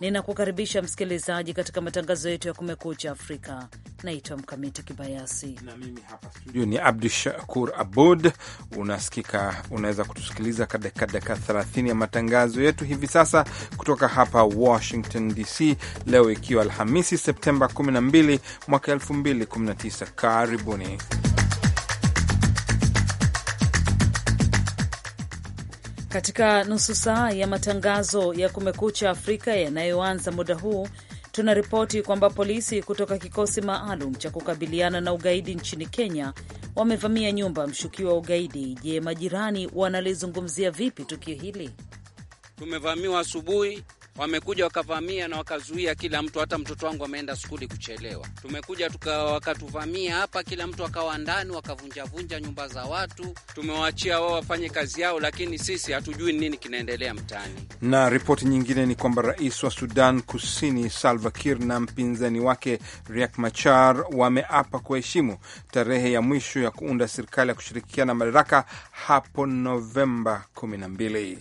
Ninakukaribisha msikilizaji katika matangazo yetu ya Kumekucha Afrika. Naitwa Mkamiti Kibayasi na mimi hapa studio ni Abdu Shakur Abud. Unasikika, unaweza kutusikiliza katika dakika 30 ya matangazo yetu hivi sasa kutoka hapa Washington DC, leo ikiwa Alhamisi Septemba 12 mwaka 2019. Karibuni. Katika nusu saa ya matangazo ya Kumekucha Afrika yanayoanza muda huu tunaripoti kwamba polisi kutoka kikosi maalum cha kukabiliana na ugaidi nchini Kenya wamevamia nyumba mshukiwa wa ugaidi. Je, majirani wanalizungumzia vipi tukio hili? Tumevamiwa asubuhi wamekuja wakavamia na wakazuia kila mtu, hata mtoto wangu ameenda skuli kuchelewa. Tumekuja tuka, wakatuvamia hapa, kila mtu akawa ndani, wakavunjavunja nyumba za watu. Tumewaachia wao wafanye kazi yao, lakini sisi hatujui nini kinaendelea mtaani. Na ripoti nyingine ni kwamba rais wa Sudan Kusini Salva Kiir na mpinzani wake Riek Machar wameapa kuheshimu tarehe ya mwisho ya kuunda serikali ya kushirikiana madaraka hapo Novemba 12.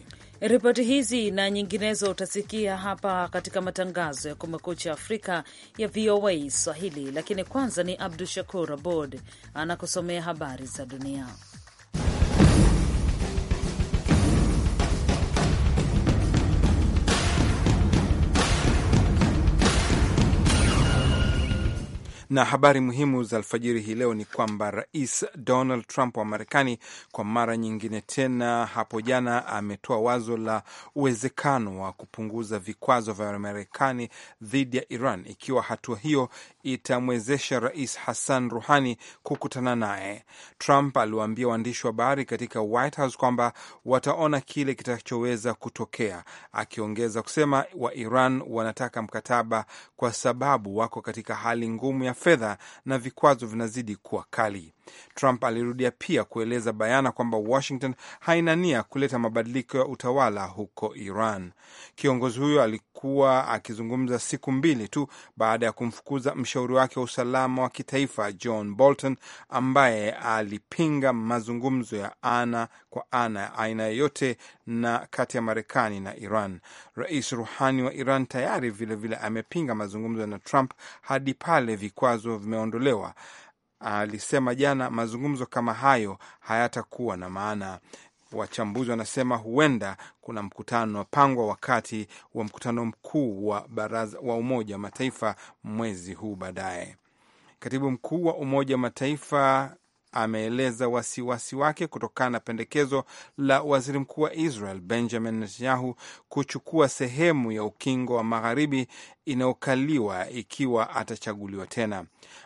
Ripoti hizi na nyinginezo utasikia hapa katika matangazo ya Kumekucha Afrika ya VOA Swahili, lakini kwanza ni Abdu Shakur Abod anakusomea habari za dunia. Na habari muhimu za alfajiri hii leo ni kwamba Rais Donald Trump wa Marekani kwa mara nyingine tena hapo jana ametoa wazo la uwezekano wa kupunguza vikwazo vya Marekani dhidi ya Iran ikiwa hatua hiyo itamwezesha Rais Hassan Ruhani kukutana naye. Trump aliwaambia waandishi wa habari katika White House kwamba wataona kile kitachoweza kutokea, akiongeza kusema wa Iran wanataka mkataba kwa sababu wako katika hali ngumu ya fedha na vikwazo vinazidi kuwa kali. Trump alirudia pia kueleza bayana kwamba Washington haina nia kuleta mabadiliko ya utawala huko Iran. Kiongozi huyo alikuwa akizungumza siku mbili tu baada ya kumfukuza mshauri wake wa usalama wa kitaifa John Bolton, ambaye alipinga mazungumzo ya ana kwa ana ya aina yoyote na kati ya Marekani na Iran. Rais Ruhani wa Iran tayari vilevile vile amepinga mazungumzo na Trump hadi pale vikwazo vimeondolewa alisema jana mazungumzo kama hayo hayatakuwa na maana. Wachambuzi wanasema huenda kuna mkutano pangwa wakati wa mkutano mkuu wa baraza wa Umoja wa Mataifa mwezi huu baadaye. Katibu mkuu wa Umoja wa Mataifa ameeleza wasiwasi wake kutokana na pendekezo la waziri mkuu wa Israel Benjamin Netanyahu kuchukua sehemu ya ukingo wa magharibi inayokaliwa ikiwa atachaguliwa tena.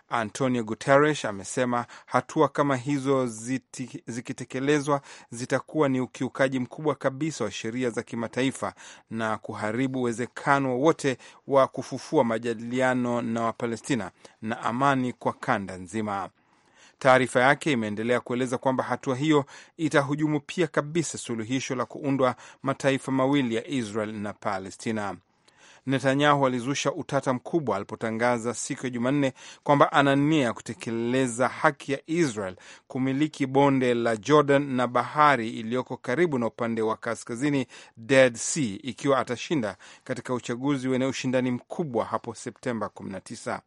Antonio Guterres amesema hatua kama hizo ziti, zikitekelezwa zitakuwa ni ukiukaji mkubwa kabisa wa sheria za kimataifa na kuharibu uwezekano wowote wa kufufua majadiliano na Wapalestina na amani kwa kanda nzima. Taarifa yake imeendelea kueleza kwamba hatua hiyo itahujumu pia kabisa suluhisho la kuundwa mataifa mawili ya Israel na Palestina. Netanyahu alizusha utata mkubwa alipotangaza siku ya Jumanne kwamba ana nia ya kutekeleza haki ya Israel kumiliki bonde la Jordan na bahari iliyoko karibu na upande wa kaskazini, Dead Sea, ikiwa atashinda katika uchaguzi wenye ushindani mkubwa hapo Septemba 19.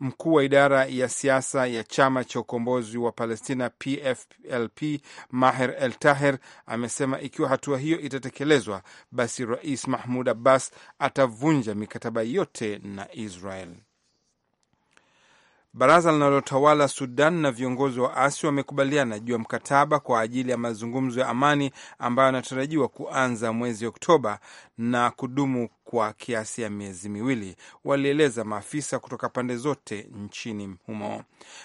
Mkuu wa idara ya siasa ya chama cha ukombozi wa Palestina PFLP Maher El Taher amesema ikiwa hatua hiyo itatekelezwa, basi Rais Mahmud Abbas atavunja mikataba yote na Israel. Baraza linalotawala Sudan na viongozi wa asi wamekubaliana juu ya mkataba kwa ajili ya mazungumzo ya amani ambayo yanatarajiwa kuanza mwezi Oktoba na kudumu kwa kiasi ya miezi miwili, walieleza maafisa kutoka pande zote nchini humo.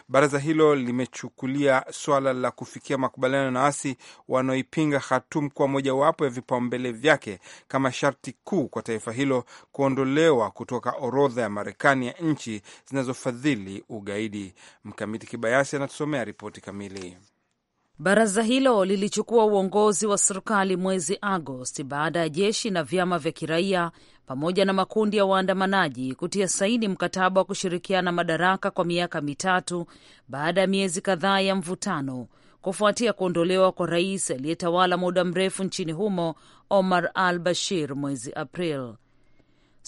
Baraza hilo limechukulia swala la kufikia makubaliano na asi wanaoipinga hatum kwa mojawapo ya vipaumbele vyake kama sharti kuu kwa taifa hilo kuondolewa kutoka orodha ya Marekani ya nchi zinazofadhili ugaidi. Mkamiti Kibayasi anatusomea ripoti kamili. Baraza hilo lilichukua uongozi wa serikali mwezi Agosti baada ya jeshi na vyama vya kiraia pamoja na makundi ya waandamanaji kutia saini mkataba wa kushirikiana madaraka kwa miaka mitatu baada ya miezi kadhaa ya mvutano kufuatia kuondolewa kwa rais aliyetawala muda mrefu nchini humo Omar al Bashir mwezi April.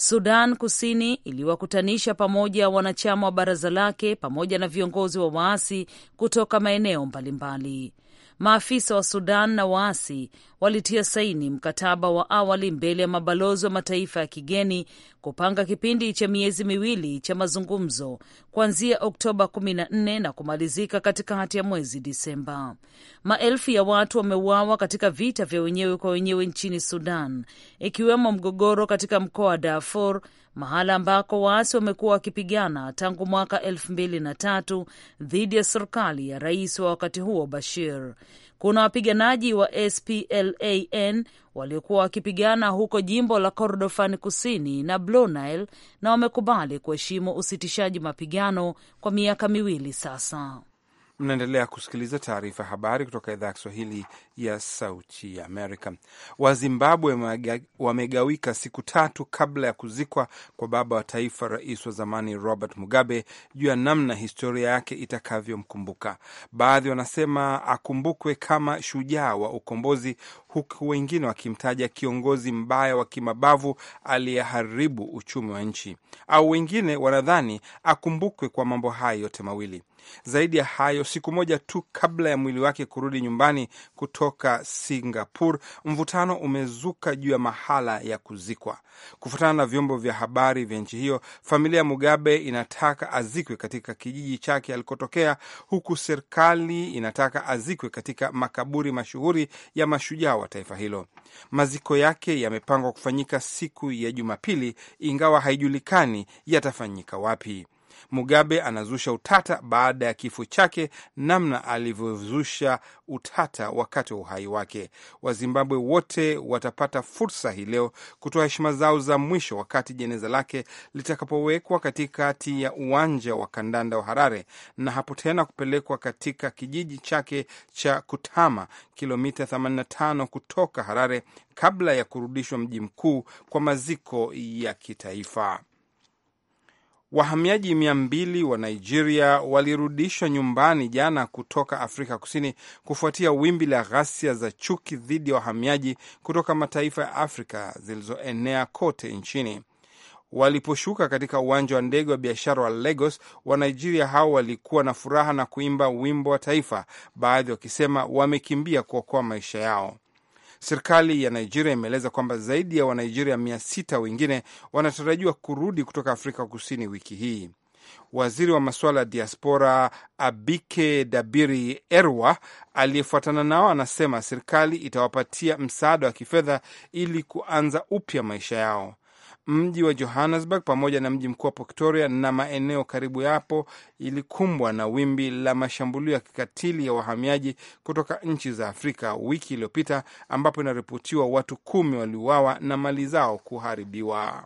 Sudan Kusini iliwakutanisha pamoja wanachama wa baraza lake pamoja na viongozi wa waasi kutoka maeneo mbalimbali mbali. Maafisa wa Sudan na waasi walitia saini mkataba wa awali mbele ya mabalozi wa mataifa ya kigeni kupanga kipindi cha miezi miwili cha mazungumzo kuanzia Oktoba 14 na kumalizika katikati ya mwezi Disemba. Maelfu ya watu wameuawa katika vita vya wenyewe kwa wenyewe nchini Sudan, ikiwemo mgogoro katika mkoa wa Darfur mahala ambako waasi wamekuwa wakipigana tangu mwaka elfu mbili na tatu dhidi ya serikali ya rais wa wakati huo Bashir. Kuna wapiganaji wa SPLAN waliokuwa wakipigana huko jimbo la Kordofan kusini na Blue Nile na wamekubali kuheshimu usitishaji mapigano kwa miaka miwili sasa. Mnaendelea kusikiliza taarifa habari kutoka idhaa ya Kiswahili ya Sauti ya Amerika. Wazimbabwe wamegawika siku tatu kabla ya kuzikwa kwa baba wa taifa, rais wa zamani Robert Mugabe, juu ya namna historia yake itakavyomkumbuka. Baadhi wanasema akumbukwe kama shujaa wa ukombozi, huku wengine wakimtaja kiongozi mbaya wa kimabavu aliyeharibu uchumi wa nchi, au wengine wanadhani akumbukwe kwa mambo hayo yote mawili. Zaidi ya hayo, siku moja tu kabla ya mwili wake kurudi nyumbani kutoka Singapore, mvutano umezuka juu ya mahala ya kuzikwa. Kufuatana na vyombo vya habari vya nchi hiyo, familia ya Mugabe inataka azikwe katika kijiji chake alikotokea, huku serikali inataka azikwe katika makaburi mashuhuri ya mashujaa wa taifa hilo. Maziko yake yamepangwa kufanyika siku ya Jumapili, ingawa haijulikani yatafanyika wapi. Mugabe anazusha utata baada ya kifo chake, namna alivyozusha utata wakati wa uhai wake. Wazimbabwe wote watapata fursa hii leo kutoa heshima zao za mwisho wakati jeneza lake litakapowekwa katikati ya uwanja wa kandanda wa Harare na hapo tena kupelekwa katika kijiji chake cha Kutama, kilomita 85 kutoka Harare, kabla ya kurudishwa mji mkuu kwa maziko ya kitaifa. Wahamiaji mia mbili wa Nigeria walirudishwa nyumbani jana kutoka Afrika Kusini kufuatia wimbi la ghasia za chuki dhidi ya wahamiaji kutoka mataifa ya Afrika zilizoenea kote nchini. Waliposhuka katika uwanja wa ndege wa biashara wa Lagos, Wanigeria hao walikuwa na furaha na kuimba wimbo wa taifa, baadhi wakisema wamekimbia kuokoa maisha yao. Serikali ya Nigeria imeeleza kwamba zaidi ya Wanigeria mia sita wengine wanatarajiwa kurudi kutoka Afrika Kusini wiki hii. Waziri wa masuala ya diaspora Abike Dabiri Erwa aliyefuatana nao anasema serikali itawapatia msaada wa kifedha ili kuanza upya maisha yao mji wa Johannesburg pamoja na mji mkuu wa Pretoria na maeneo karibu yapo ilikumbwa na wimbi la mashambulio ya kikatili ya wahamiaji kutoka nchi za Afrika wiki iliyopita, ambapo inaripotiwa watu kumi waliuawa na mali zao kuharibiwa.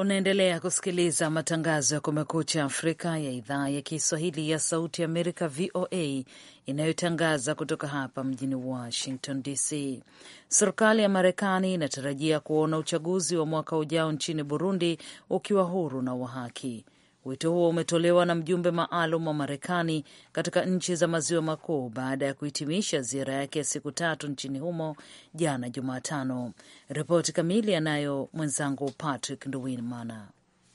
Unaendelea kusikiliza matangazo ya Kumekucha Afrika ya idhaa ya Kiswahili ya Sauti Amerika, VOA, inayotangaza kutoka hapa mjini Washington DC. Serikali ya Marekani inatarajia kuona uchaguzi wa mwaka ujao nchini Burundi ukiwa huru na wa haki. Wito huo umetolewa na mjumbe maalum wa Marekani katika nchi za maziwa makuu baada ya kuhitimisha ziara yake ya siku tatu nchini humo jana Jumatano. Ripoti kamili anayo mwenzangu Patrick Nduwimana.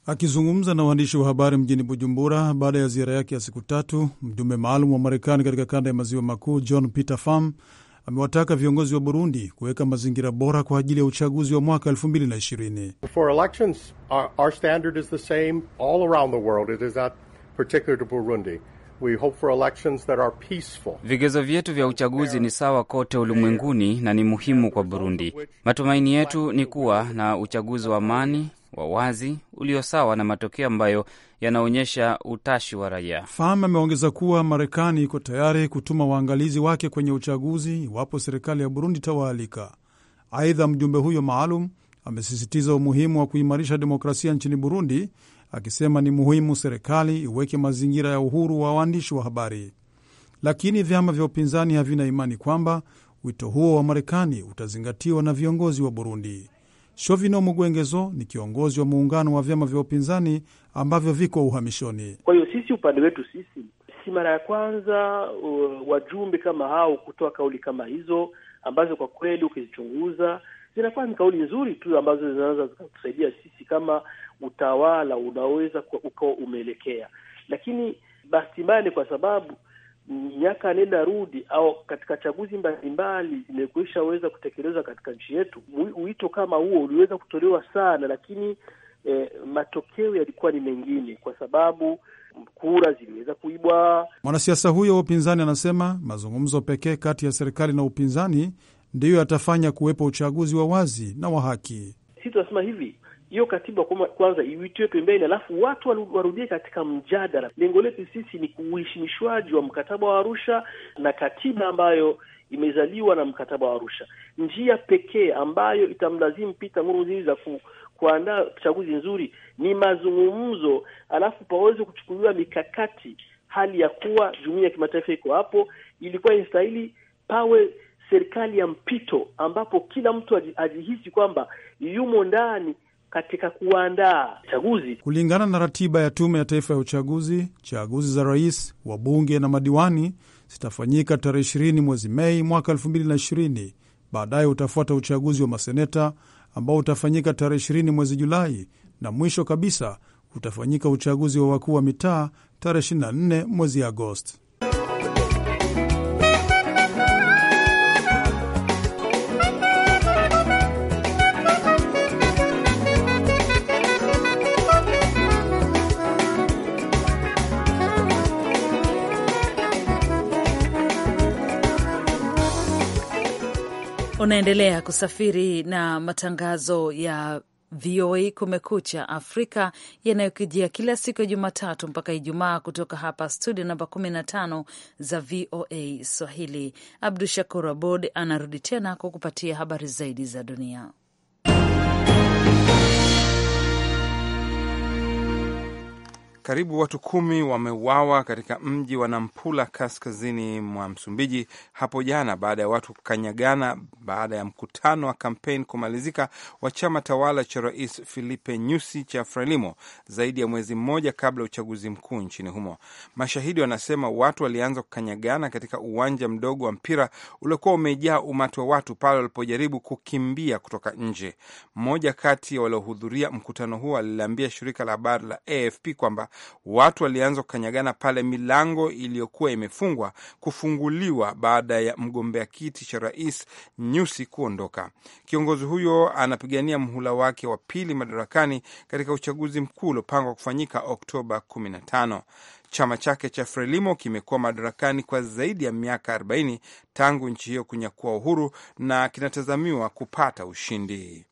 Akizungumza na waandishi wa habari mjini Bujumbura baada ya ziara yake ya siku tatu, mjumbe maalum wa Marekani katika kanda ya maziwa makuu John Peter Pham amewataka viongozi wa Burundi kuweka mazingira bora kwa ajili ya uchaguzi wa mwaka 2020. Vigezo vyetu vya uchaguzi ni sawa kote ulimwenguni na ni muhimu kwa Burundi. Matumaini yetu ni kuwa na uchaguzi wa amani wa wazi ulio sawa na matokeo ambayo yanaonyesha utashi wa raia. Fam ameongeza kuwa Marekani iko tayari kutuma waangalizi wake kwenye uchaguzi iwapo serikali ya Burundi itawaalika. Aidha, mjumbe huyo maalum amesisitiza umuhimu wa kuimarisha demokrasia nchini Burundi, akisema ni muhimu serikali iweke mazingira ya uhuru wa waandishi wa habari, lakini vyama vya upinzani havina imani kwamba wito huo wa Marekani utazingatiwa na viongozi wa Burundi. Shovino Mugwengezo ni kiongozi wa muungano wa vyama vya upinzani ambavyo viko uhamishoni. Kwa hiyo sisi upande wetu sisi si mara ya kwanza uh, wajumbe kama hao kutoa kauli kama hizo ambazo kwa kweli ukizichunguza zinakuwa ni kauli nzuri tu ambazo zinaweza zikatusaidia sisi kama utawala unaweza ukawa umeelekea, lakini bahati mbaya ni kwa sababu miaka nenda rudi au katika chaguzi mbalimbali zimekuishaweza kutekelezwa katika nchi yetu. Wito kama huo uliweza kutolewa sana, lakini eh, matokeo yalikuwa ni mengine, kwa sababu kura ziliweza kuibwa. Mwanasiasa huyo wa upinzani anasema mazungumzo pekee kati ya serikali na upinzani ndiyo yatafanya kuwepo uchaguzi wa wazi na wa haki. Sisi tunasema hivi hiyo katiba kwanza iwitiwe pembeni, alafu watu warudie katika mjadala. Lengo letu sisi ni uheshimishwaji wa mkataba wa Arusha na katiba ambayo imezaliwa na mkataba wa Arusha. Njia pekee ambayo itamlazimu pita Nkurunziza ku kuandaa chaguzi nzuri ni mazungumzo, alafu paweze kuchukuliwa mikakati, hali ya kuwa jumuiya ya kimataifa iko hapo. Ilikuwa inastahili pawe serikali ya mpito ambapo kila mtu ajihisi kwamba yumo ndani katika kuandaa chaguzi. Kulingana na ratiba ya Tume ya Taifa ya Uchaguzi, chaguzi za rais, wabunge na madiwani zitafanyika tarehe ishirini mwezi Mei mwaka elfu mbili na ishirini. Baadaye utafuata uchaguzi wa maseneta ambao utafanyika tarehe ishirini mwezi Julai, na mwisho kabisa utafanyika uchaguzi wa wakuu wa mitaa tarehe 24 mwezi Agosti. Unaendelea kusafiri na matangazo ya VOA Kumekucha Afrika yanayokijia kila siku ya Jumatatu mpaka Ijumaa kutoka hapa studio namba 15 za VOA Swahili. Abdu Shakur Abod anarudi tena kwa kupatia habari zaidi za dunia. Karibu watu kumi wameuawa katika mji wa Nampula kaskazini mwa Msumbiji hapo jana baada ya watu kukanyagana baada ya mkutano wa kampeni kumalizika wa chama tawala cha Rais Filipe Nyusi cha Frelimo zaidi ya mwezi mmoja kabla ya uchaguzi mkuu nchini humo. Mashahidi wanasema watu walianza kukanyagana katika uwanja mdogo wa mpira uliokuwa umejaa umati wa watu pale walipojaribu kukimbia kutoka nje. Mmoja kati ya waliohudhuria mkutano huo aliliambia shirika la habari la AFP kwamba watu walianza kukanyagana pale milango iliyokuwa imefungwa kufunguliwa baada ya mgombea kiti cha rais Nyusi kuondoka. Kiongozi huyo anapigania mhula wake wa pili madarakani katika uchaguzi mkuu uliopangwa kufanyika Oktoba 15. Chama chake cha Frelimo kimekuwa madarakani kwa zaidi ya miaka 40 tangu nchi hiyo kunyakua uhuru na kinatazamiwa kupata ushindi.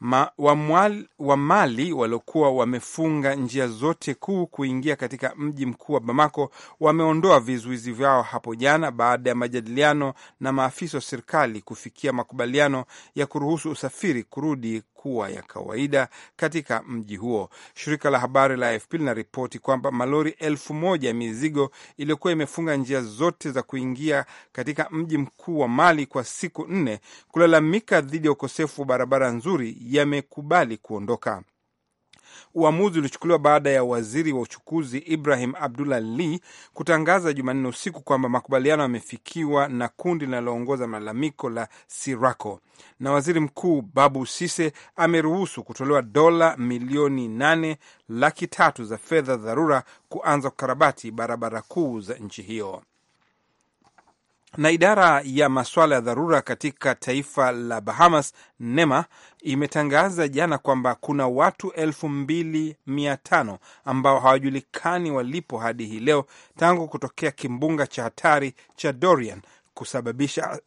Ma, wamwal, wa Mali waliokuwa wamefunga njia zote kuu kuingia katika mji mkuu wa Bamako wameondoa vizuizi vyao hapo jana baada ya majadiliano na maafisa wa serikali kufikia makubaliano ya kuruhusu usafiri kurudi kuwa ya kawaida katika mji huo. Shirika la habari la AFP linaripoti kwamba malori elfu moja ya mizigo iliyokuwa imefunga njia zote za kuingia katika mji mkuu wa Mali kwa siku nne, kulalamika dhidi ya ukosefu wa barabara nzuri, yamekubali kuondoka. Uamuzi ulichukuliwa baada ya waziri wa uchukuzi Ibrahim Abdullah Lee kutangaza Jumanne usiku kwamba makubaliano yamefikiwa na kundi linaloongoza malalamiko la Sirako, na waziri mkuu Babu Sise ameruhusu kutolewa dola milioni nane laki tatu za fedha dharura kuanza kukarabati barabara kuu za nchi hiyo na idara ya masuala ya dharura katika taifa la Bahamas, NEMA, imetangaza jana kwamba kuna watu elfu mbili mia tano ambao hawajulikani walipo hadi hii leo tangu kutokea kimbunga cha hatari cha Dorian kusababisha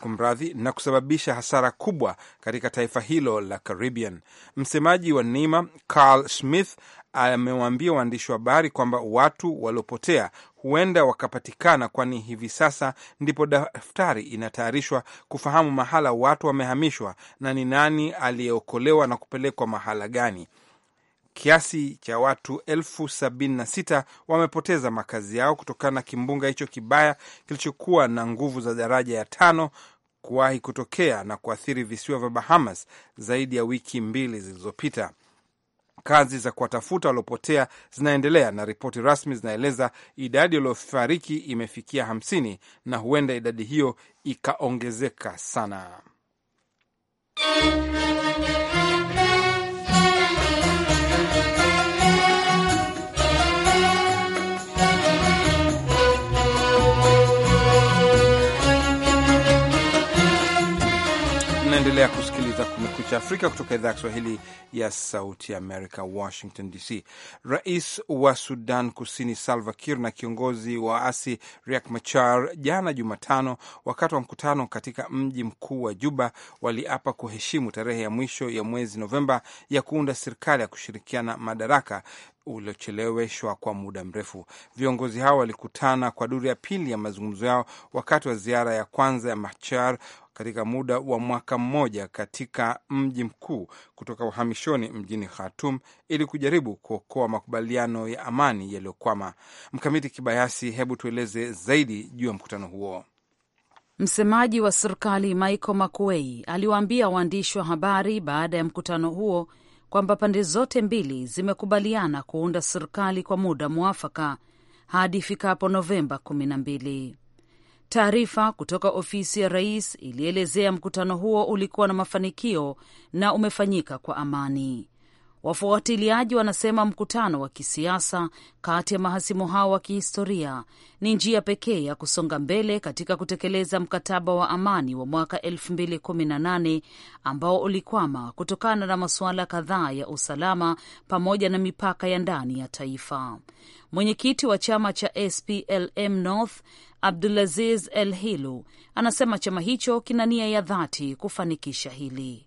kumradhi na kusababisha hasara kubwa katika taifa hilo la Caribbean. Msemaji wa NEMA Carl Smith amewaambia waandishi wa habari kwamba watu waliopotea huenda wakapatikana, kwani hivi sasa ndipo daftari inatayarishwa kufahamu mahala watu wamehamishwa na ni nani aliyeokolewa na kupelekwa mahala gani. Kiasi cha watu elfu sabini na sita wamepoteza makazi yao kutokana na kimbunga hicho kibaya kilichokuwa na nguvu za daraja ya tano kuwahi kutokea na kuathiri visiwa vya Bahamas zaidi ya wiki mbili zilizopita. Kazi za kuwatafuta waliopotea zinaendelea na ripoti rasmi zinaeleza idadi waliofariki imefikia hamsini na huenda idadi hiyo ikaongezeka sana kusikiliza Kumekucha Afrika kutoka idhaa ya Kiswahili ya Sauti Amerika, Washington DC. Rais wa Sudan Kusini Salva Kiir na kiongozi wa waasi Riek Machar jana Jumatano, wakati wa mkutano katika mji mkuu wa Juba, waliapa kuheshimu tarehe ya mwisho ya mwezi Novemba ya kuunda serikali ya kushirikiana madaraka uliocheleweshwa kwa muda mrefu. Viongozi hao walikutana kwa duru ya pili ya mazungumzo yao wakati wa ziara ya kwanza ya Machar katika muda wa mwaka mmoja katika mji mkuu kutoka uhamishoni mjini khatum ili kujaribu kuokoa makubaliano ya amani yaliyokwama. Mkamiti Kibayasi, hebu tueleze zaidi juu ya mkutano huo. Msemaji wa serikali Michael Makuei aliwaambia waandishi wa habari baada ya mkutano huo kwamba pande zote mbili zimekubaliana kuunda serikali kwa muda mwafaka hadi ifikapo Novemba kumi na mbili. Taarifa kutoka ofisi ya rais ilielezea mkutano huo ulikuwa na mafanikio na umefanyika kwa amani. Wafuatiliaji wanasema mkutano wa kisiasa kati ya mahasimu hao wa kihistoria ni njia pekee ya kusonga mbele katika kutekeleza mkataba wa amani wa mwaka 2018 ambao ulikwama kutokana na masuala kadhaa ya usalama pamoja na mipaka ya ndani ya taifa. Mwenyekiti wa chama cha SPLM North Abdulaziz El Hilu anasema chama hicho kina nia ya dhati kufanikisha hili.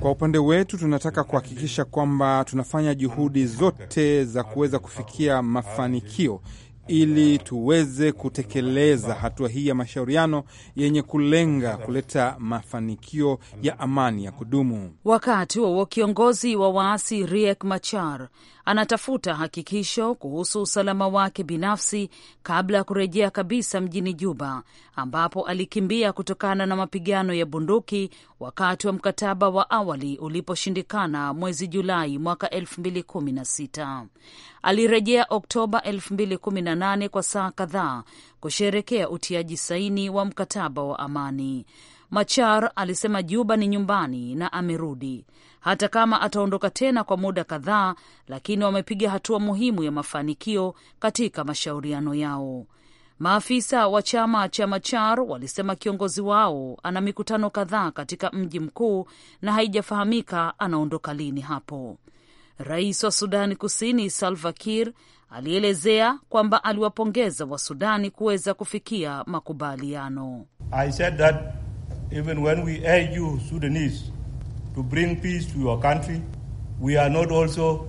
kwa upande wetu tunataka kuhakikisha kwamba tunafanya juhudi zote za kuweza kufikia mafanikio ili tuweze kutekeleza hatua hii ya mashauriano yenye kulenga kuleta mafanikio ya amani ya kudumu. Wakati huo kiongozi wa waasi Riek Machar anatafuta hakikisho kuhusu usalama wake binafsi kabla ya kurejea kabisa mjini Juba ambapo alikimbia kutokana na mapigano ya bunduki wakati wa mkataba wa awali uliposhindikana mwezi Julai mwaka 2016. Alirejea Oktoba 2018 kwa saa kadhaa kusherekea utiaji saini wa mkataba wa amani. Machar alisema Juba ni nyumbani na amerudi, hata kama ataondoka tena kwa muda kadhaa, lakini wamepiga hatua muhimu ya mafanikio katika mashauriano yao. Maafisa wa chama cha Machar walisema kiongozi wao ana mikutano kadhaa katika mji mkuu na haijafahamika anaondoka lini hapo. Rais wa Sudani Kusini Salva Kiir alielezea kwamba aliwapongeza wa Sudani kuweza kufikia makubaliano. I said that even when we urge you Sudanese to bring peace to your country, we are not also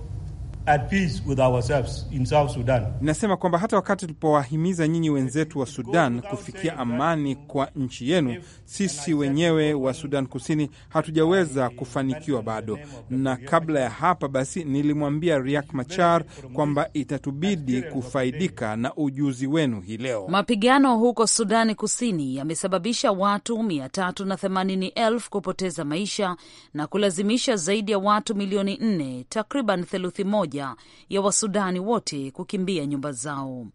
At peace with ourselves in South Sudan. Nasema kwamba hata wakati tulipowahimiza nyinyi wenzetu wa Sudan kufikia amani kwa nchi yenu, sisi wenyewe wa Sudan Kusini hatujaweza kufanikiwa bado. Na kabla ya hapa basi, nilimwambia riak Machar kwamba itatubidi kufaidika na ujuzi wenu hii leo. Mapigano huko Sudani Kusini yamesababisha watu 380,000 kupoteza maisha na kulazimisha zaidi ya watu milioni 4 takriban theluthi moja moja ya Wasudani wote kukimbia nyumba zao.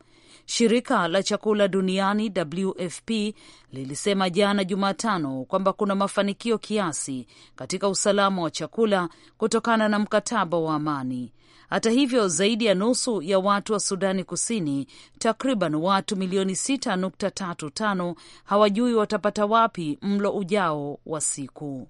Shirika la chakula duniani WFP lilisema jana Jumatano kwamba kuna mafanikio kiasi katika usalama wa chakula kutokana na mkataba wa amani. Hata hivyo, zaidi ya nusu ya watu wa Sudani Kusini, takriban watu milioni 6.35 hawajui watapata wapi mlo ujao wa siku.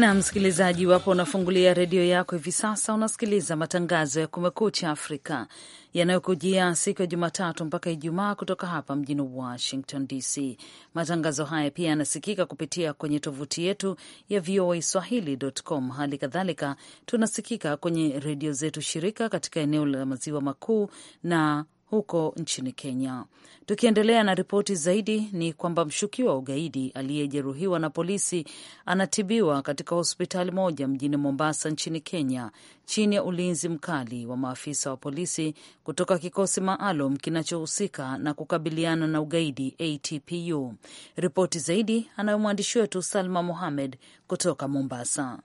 na msikilizaji, iwapo unafungulia redio yako hivi sasa, unasikiliza matangazo ya Kumekucha Afrika yanayokujia siku ya Jumatatu mpaka Ijumaa kutoka hapa mjini Washington DC. Matangazo haya pia yanasikika kupitia kwenye tovuti yetu ya VOA Swahili.com. Hali kadhalika tunasikika kwenye redio zetu shirika katika eneo la maziwa makuu na huko nchini Kenya. Tukiendelea na ripoti zaidi, ni kwamba mshukiwa wa ugaidi aliyejeruhiwa na polisi anatibiwa katika hospitali moja mjini Mombasa nchini Kenya, chini ya ulinzi mkali wa maafisa wa polisi kutoka kikosi maalum kinachohusika na kukabiliana na ugaidi ATPU. Ripoti zaidi anayo mwandishi wetu Salma Mohamed kutoka Mombasa.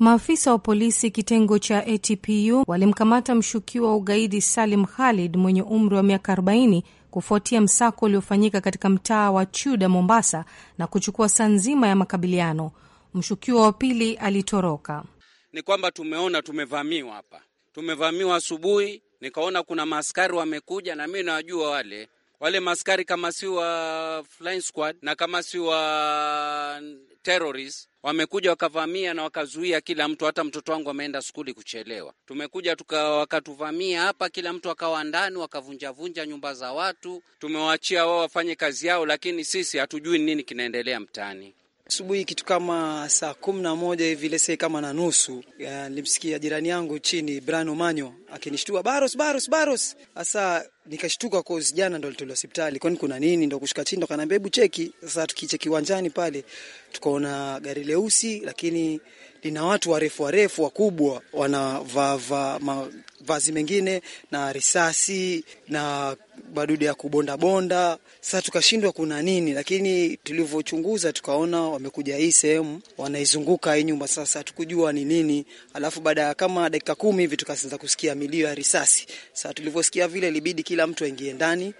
Maafisa wa polisi kitengo cha ATPU walimkamata mshukiwa wa ugaidi Salim Khalid mwenye umri wa miaka 40 kufuatia msako uliofanyika katika mtaa wa Chuda, Mombasa, na kuchukua saa nzima ya makabiliano. Mshukiwa wa pili alitoroka. Ni kwamba tumeona tumevamiwa hapa, tumevamiwa asubuhi, nikaona kuna maaskari wamekuja, na mi nawajua wale wale maaskari, kama si wa flying squad na kama si wa terrorist wamekuja wakavamia na wakazuia kila mtu, hata mtoto wangu ameenda skuli kuchelewa. Tumekuja tuka, wakatuvamia hapa, kila mtu akawa ndani, wakavunjavunja nyumba za watu. Tumewaachia wao wafanye kazi yao, lakini sisi hatujui nini kinaendelea mtaani. Asubuhi kitu kama saa kumi na moja hivi lese kama na nusu, nilimsikia jirani yangu chini Brano akinishtua baros, baros, baros hasa nikashtuka kwa jana ndo alitolewa hospitali, kwani kuna nini? Ndo kushika chini ndo kanaambia hebu cheki. Sasa tukicheki uwanjani pale tukaona gari leusi, lakini lina watu warefu warefu wakubwa wanavaa mavazi mengine na risasi na badudu ya kubonda bonda. Sasa tukashindwa kuna nini, lakini tulivyochunguza tukaona wamekuja hii sehemu wanaizunguka hii nyumba. Sasa hatukujua ni nini, alafu baada ya kama dakika kumi hivi tukaanza kusikia milio ya risasi. Sasa tulivyosikia vile ilibidi kila mtu aingie ndani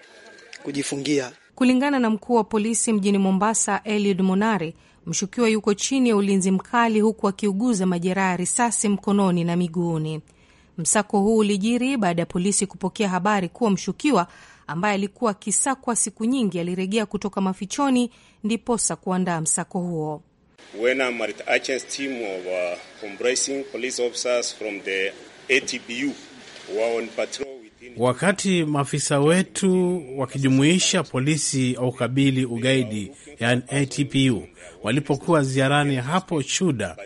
kujifungia. Kulingana na mkuu wa polisi mjini Mombasa, Eliud Monare, mshukiwa yuko chini ya ulinzi mkali huku akiuguza majeraha ya risasi mkononi na miguuni. Msako huu ulijiri baada ya polisi kupokea habari kuwa mshukiwa ambaye alikuwa akisakwa siku nyingi aliregea kutoka mafichoni, ndiposa kuandaa msako huo wakati maafisa wetu wakijumuisha polisi wa ukabili ugaidi, yani ATPU, walipokuwa ziarani hapo Chuda,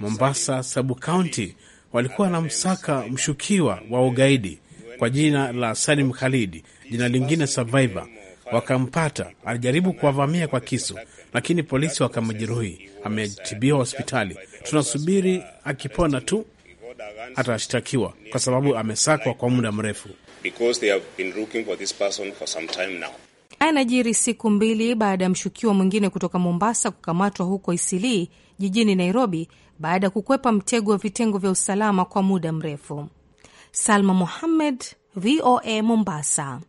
Mombasa Sabu Kaunti, walikuwa na msaka mshukiwa wa ugaidi kwa jina la Salim Khalidi, jina lingine Survivor. Wakampata, alijaribu kuwavamia kwa kisu, lakini polisi wakamjeruhi. Ametibiwa hospitali, tunasubiri akipona tu atashtakiwa kwa sababu amesakwa kwa muda mrefu because they have been looking for this person for some time now. Anajiri siku mbili baada ya mshukiwa mwingine kutoka Mombasa kukamatwa huko Isilii jijini Nairobi baada ya kukwepa mtego wa vitengo vya usalama kwa muda mrefu. Salma Mohammed, VOA Mombasa.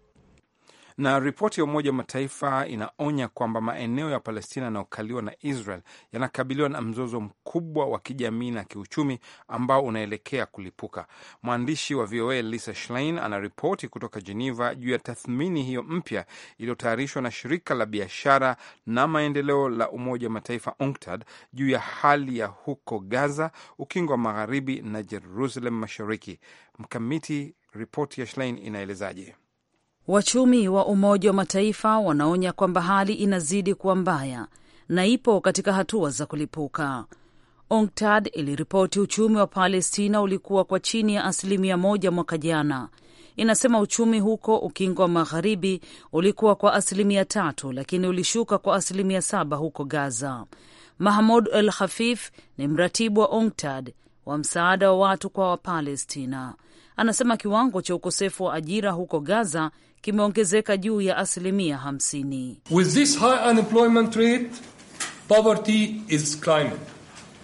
Na ripoti ya Umoja wa Mataifa inaonya kwamba maeneo ya Palestina yanayokaliwa na Israel yanakabiliwa na mzozo mkubwa wa kijamii na kiuchumi ambao unaelekea kulipuka. Mwandishi wa VOA Lisa Schlein anaripoti kutoka Geneva juu ya tathmini hiyo mpya iliyotayarishwa na shirika la biashara na maendeleo la Umoja wa Mataifa UNCTAD juu ya hali ya huko Gaza, Ukingo wa Magharibi na Jerusalem Mashariki. Mkamiti, ripoti ya Schlein inaelezaje? Wachumi wa Umoja wa Mataifa wanaonya kwamba hali inazidi kuwa mbaya na ipo katika hatua za kulipuka. UNCTAD iliripoti uchumi wa Palestina ulikuwa kwa chini ya asilimia moja mwaka jana. Inasema uchumi huko Ukingo wa Magharibi ulikuwa kwa asilimia tatu, lakini ulishuka kwa asilimia saba huko Gaza. Mahmud El Khafif ni mratibu wa UNCTAD wa msaada wa watu kwa Wapalestina anasema kiwango cha ukosefu wa ajira huko Gaza kimeongezeka juu ya asilimia 50.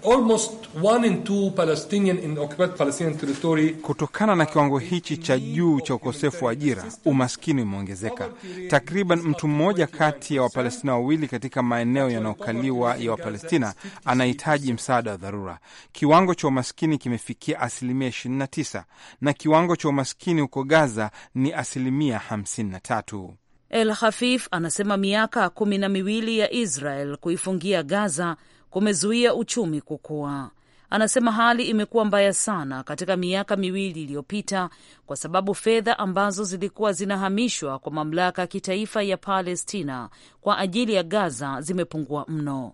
Almost one in two Palestinian in occupied Palestinian territory. Kutokana na kiwango hichi cha juu cha ukosefu wa ajira, umaskini umeongezeka. Takriban mtu mmoja kati ya Wapalestina wawili katika maeneo yanayokaliwa ya Wapalestina anahitaji msaada wa dharura. Kiwango cha umaskini kimefikia asilimia 29 na kiwango cha umaskini huko Gaza ni asilimia 53. El Hafif anasema miaka kumi na miwili ya Israel kuifungia Gaza kumezuia uchumi kukua. Anasema hali imekuwa mbaya sana katika miaka miwili iliyopita kwa sababu fedha ambazo zilikuwa zinahamishwa kwa mamlaka ya kitaifa ya Palestina kwa ajili ya Gaza zimepungua mno.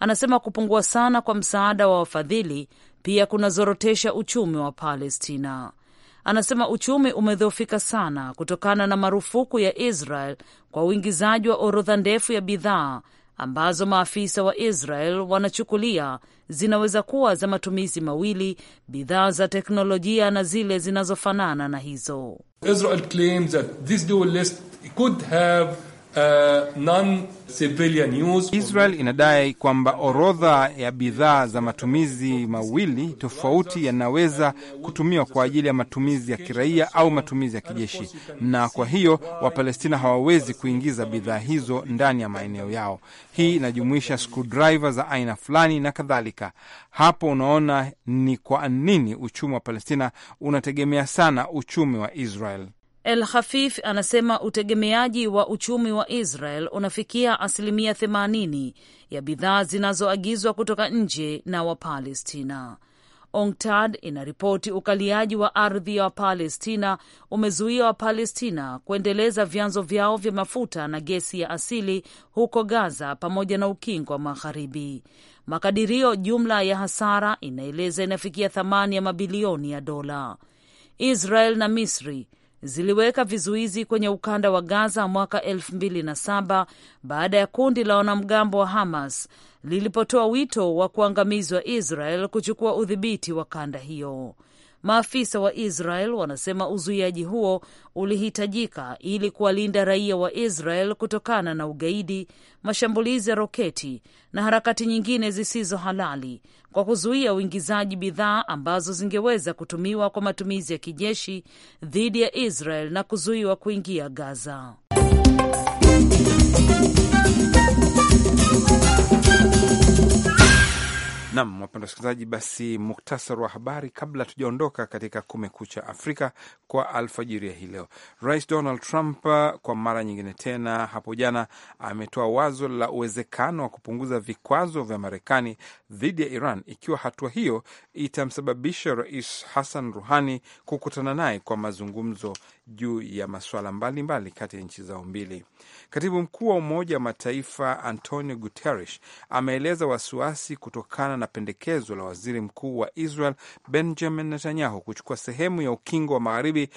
Anasema kupungua sana kwa msaada wa wafadhili pia kunazorotesha uchumi wa Palestina. Anasema uchumi umedhoofika sana kutokana na marufuku ya Israel kwa uingizaji wa orodha ndefu ya bidhaa ambazo maafisa wa Israel wanachukulia zinaweza kuwa za matumizi mawili, bidhaa za teknolojia na zile zinazofanana na hizo. Israel claims that this dual list could have Uh, Israel inadai kwamba orodha ya bidhaa za matumizi mawili tofauti yanaweza kutumiwa kwa ajili ya matumizi ya kiraia au matumizi ya kijeshi, na kwa hiyo Wapalestina hawawezi kuingiza bidhaa hizo ndani ya maeneo yao. Hii inajumuisha screwdriver za aina fulani na kadhalika. Hapo unaona ni kwa nini uchumi wa Palestina unategemea sana uchumi wa Israel. El Hafif anasema utegemeaji wa uchumi wa Israel unafikia asilimia 80 ya bidhaa zinazoagizwa kutoka nje na Wapalestina. Ongtad inaripoti ukaliaji wa ardhi ya Wapalestina umezuia Wapalestina kuendeleza vyanzo vyao vya mafuta na gesi ya asili huko Gaza pamoja na Ukingo wa Magharibi. Makadirio jumla ya hasara inaeleza inafikia thamani ya mabilioni ya dola. Israel na Misri ziliweka vizuizi kwenye ukanda wa Gaza mwaka 2007 baada ya kundi la wanamgambo wa Hamas lilipotoa wito wa kuangamizwa Israel kuchukua udhibiti wa kanda hiyo. Maafisa wa Israel wanasema uzuiaji huo ulihitajika ili kuwalinda raia wa Israel kutokana na ugaidi, mashambulizi ya roketi na harakati nyingine zisizo halali, kwa kuzuia uingizaji bidhaa ambazo zingeweza kutumiwa kwa matumizi ya kijeshi dhidi ya Israel na kuzuiwa kuingia Gaza. Nam, wapenda wasikilizaji, basi muktasar wa habari kabla tujaondoka katika Kumekucha Afrika kwa alfajiri ya hii leo. Rais Donald Trump uh, kwa mara nyingine tena hapo jana ametoa wazo la uwezekano wa kupunguza vikwazo vya Marekani dhidi ya Iran ikiwa hatua hiyo itamsababisha Rais Hassan Ruhani kukutana naye kwa mazungumzo juu ya masuala mbalimbali kati ya nchi zao mbili. Katibu mkuu wa Umoja wa Mataifa Antonio Guterres ameeleza wasiwasi kutokana na pendekezo la waziri mkuu wa Israel Benjamin Netanyahu kuchukua sehemu ya ukingo wa magharibi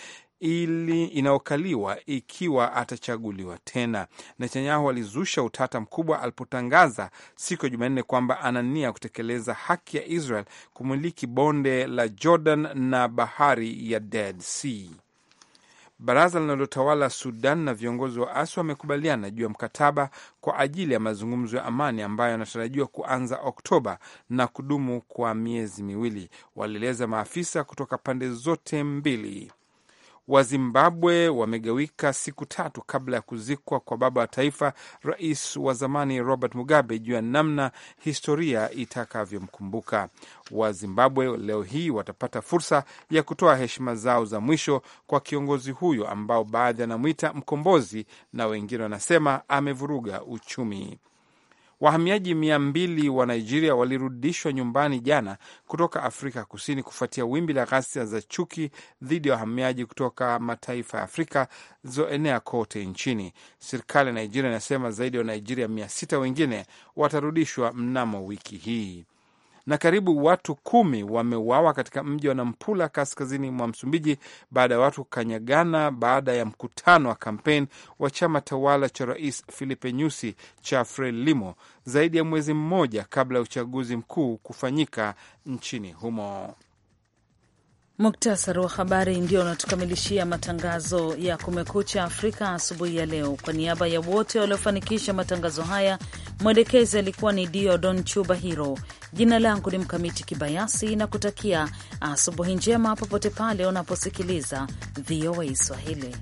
ili inayokaliwa ikiwa atachaguliwa tena. Netanyahu alizusha utata mkubwa alipotangaza siku ya Jumanne kwamba ana nia kutekeleza haki ya Israel kumiliki bonde la Jordan na bahari ya Dead Sea. Baraza linalotawala Sudan na viongozi wa asi wamekubaliana juu ya mkataba kwa ajili ya mazungumzo ya amani ambayo yanatarajiwa kuanza Oktoba na kudumu kwa miezi miwili, walieleza maafisa kutoka pande zote mbili wa Zimbabwe wamegawika siku tatu kabla ya kuzikwa kwa baba wa taifa, rais wa zamani Robert Mugabe, juu ya namna historia itakavyomkumbuka. Wazimbabwe leo hii watapata fursa ya kutoa heshima zao za mwisho kwa kiongozi huyo ambao baadhi anamwita mkombozi na wengine wanasema amevuruga uchumi. Wahamiaji mia mbili wa Nigeria walirudishwa nyumbani jana kutoka Afrika Kusini kufuatia wimbi la ghasia za chuki dhidi ya wahamiaji kutoka mataifa ya Afrika zilizoenea kote nchini. Serikali ya Nigeria inasema zaidi ya Wanigeria mia sita wengine watarudishwa mnamo wiki hii na karibu watu kumi wameuawa katika mji wa Nampula kaskazini mwa Msumbiji baada ya watu kukanyagana baada ya mkutano wa kampeni wa chama tawala cha Rais Filipe Nyusi cha Frelimo zaidi ya mwezi mmoja kabla ya uchaguzi mkuu kufanyika nchini humo. Muktasari wa habari ndio unatukamilishia matangazo ya Kumekucha Afrika asubuhi ya leo. Kwa niaba ya wote waliofanikisha matangazo haya, mwelekezi alikuwa ni dio don Chuba Hiro. Jina langu ni Mkamiti Kibayasi na kutakia asubuhi njema popote pale unaposikiliza VOA Swahili.